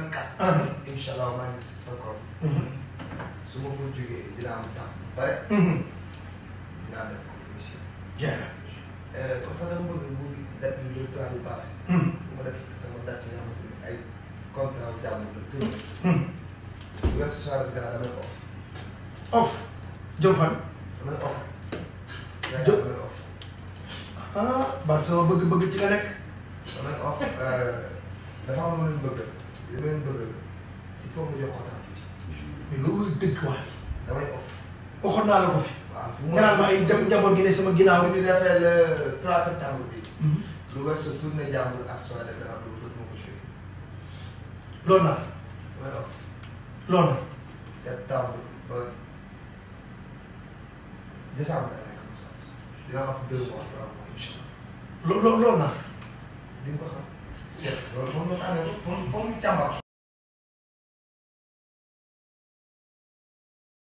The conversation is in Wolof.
24. incha allah maa ngi sa koor. su ma ko jógee dinaa am temps bu pare. Uh-huh. dinaa def ko émission. bien. Euh, comme ça dama bu date bi le trois bi passé. Uh-huh. bu ma def sama date yi nga xamante ay contrat jàmm la tëjee. Uh-huh. bu weesu soir bi daal damay off. off. jëm fan. damay ah ba sama bëgg-bëgg ci nga nekk. damay off euh, dafa am li ma leen bëgg il faut mu jox ko temps tuuti mais loolu dëkk wax bi damay off. waxoon naa la ko fi. waaw bu ma ma ay dem njaboot gi ne sama ginnaaw bi ñu defee le 3 septembre bi. Mhm. lu wees sa tournée jàmbur ak soirée de dara loolu dëgg moo ko joué. loolu naa la. damay off. loolu na. septembre ba décembre da ngay am sant. dinaa wax deux mois trois mois incha allah. loo loo loolu naa la. di nga ko xam. seet loolu foog ñu ànd foog foog ñu càmbar